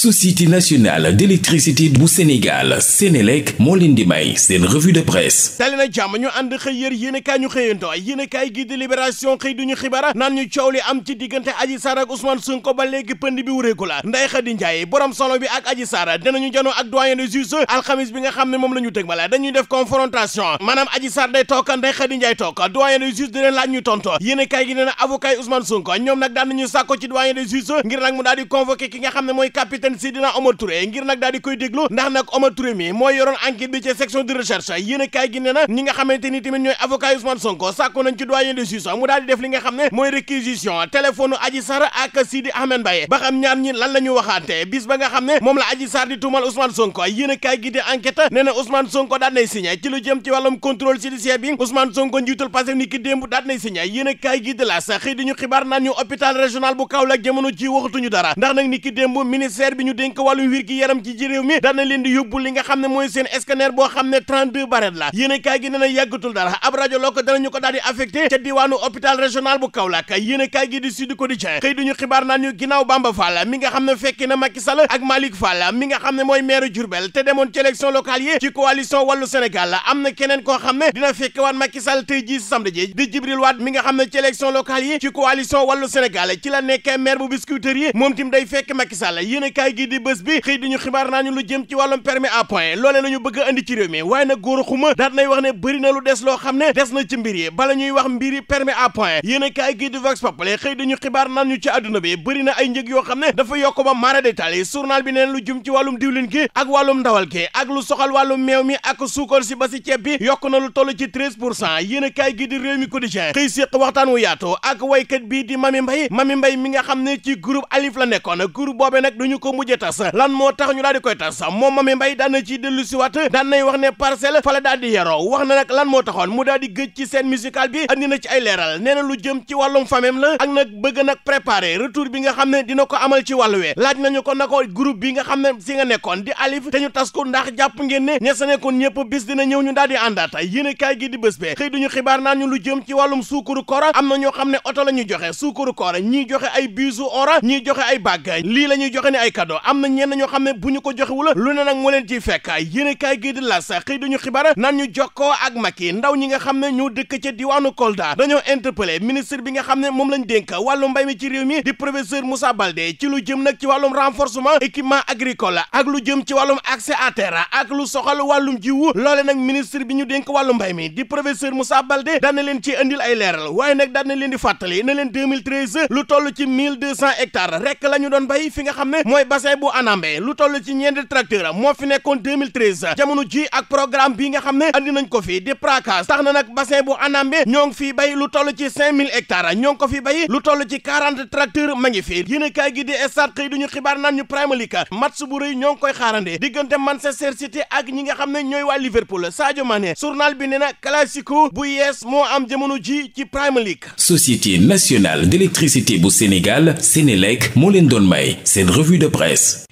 société nationale d'électricité bu Sénégal Sénélec moo leen di may seen revue de presse tali na jàmm ñu ànd xëy yër yéenekaay ñu xëyantoo yéenekaay gi di ñu la Ndeye janoo ak doyen des juges alxamis bi nga xam ne moom la ñu tëg mala dañuy def confrontation maanaam Adji Sarr day toog Ndeye Khady Ndiaye toog doyen des juges dina laaj ñu tonto yéenekaay gi nee avocat Ousmane Sonko ñoom nag daan nañu sàkko ci doyen des juges ngir nag mu daal di leen Seydina Omar Touré ngir nag daal di section de recherche yéen a kaay na ñi nga xamante ni tamit ñooy avocat Ousmane Sonko sàkku nañ ci doyen de justice mu daal di nga xam ne mooy réquisition téléphone Adji Sarr ak Sidi Ahmed Mbaye ba xam ñaar ñi lan la waxaante bis nga xam ne moom la Adji Sarr di tuumal Ousmane Sonko yéen a kaay gi di enquête Sonko daal nay signé ci lu jëm la sax ñu xibaar naan ñu bi ñu dénk wàllum wér gi yaram ci ji mi dana leen di yóbbu li nga xam ne mooy seen scanner boo xam ne 32 baret la yéen gi nee yàggatul dara ab radiologue danañu ko daal di ca diwaanu hôpital régional bu Kaolack yéen kaay gi di Sud Quotidien xëy duñu xibaar naan ñu ginnaaw Bamba Fall mi nga xam ne fekk na Macky ak Malick Fall mi nga xam ne mooy maire Diourbel te demoon ci élection locale yi ci coalition wàllu Sénégal la kaay gi di bés bi xëy diñu xibaar naa ñu lu jëm ci wàllum permis à point loolee la ñu bëgg a indi ci réew mi waaye nag góor xuma daat nay wax ne bëri na lu des loo xam ne des na ci mbir yi bala ñuy wax mbiri permis à point yéen a gi di vox populi xëy diñu xibaar naan ñu ci àdduna bi bëri na ay njëg yoo xam ne dafa yokk ba mara yi journal bi neen lu jëm ci wàllum diwlin gi ak wàllum ndawal ak lu soxal wàllum meew mi ak suukar si ba si ceeb bi yokk a mujjee tas lan moo tax ñu daal di koy tas di yaroo wax na nag lan ko amal ci wàllu wee laaj nañu ko na ko groupe bi nga xam ne si nga nekkoon di alif te ñu tas ko ndax jàpp ngeen ne nekkoon ñëpp bis dina ñëw ñu daal di àndaat gi di bés bee xëy duñu xibaar naan ñu lu jëm ci wàllum suukaru koora am na ñoo xam ne oto la ñu joxe suukaru koora ñii joxe ay bisu ora ñii joxe ay bàgg lii la joxe ne ay cadeau cadeau am na ñenn ñoo xam ne bu ñu ko joxewul lu ne nag moo leen ciy fekk yéene kaay gi di las xëy duñu xibaar nan ñu jox ko ak Macky ndaw ñi nga xam ne ñoo dëkk ca diwaanu Kolda dañoo interpellé ministre bi nga xam ne moom lañ dénk wàllu mbay mi ci réew mi di professeur Moussa Baldé ci lu jëm nag ci wàllum renforcement équipement agricole ak lu jëm ci wàllum accès à ak lu soxal wàllum jiwu loole nag ministre bi ñu dénk wàllu mbay mi di professeur Moussa Baldé daan leen ci indil ay leeral waaye nag daan leen di fàttali na leen 2013 lu toll ci 1200 hectares rek la ñu doon bay fi nga ne mooy bassin bu Anambé lu toll ci ñeenti tracteur moo fi nekkoon 2013 jamono ji ak programme bi nga xam ne andi nañ ko fi di PRACAS tax na nag bassin bu Anambé ñoo ngi fii bay lu toll ci 5000 hectares ñoo ngi ko fi bay lu toll ci 40 tracteur ma ngi fi yéen a gi di stade xëy duñu xibaar naan ñu Premier League bu rëy ñoo ngi koy xaarande diggante Manchester City ak ñi nga xam ne ñooy waa Liverpool Sadio Mané bi nee na classico bu yees moo am jamono ji ci Premier League. Société nationale d'électricité bu Sénégal Sénélec moo leen doon may seen revue de presse. nice.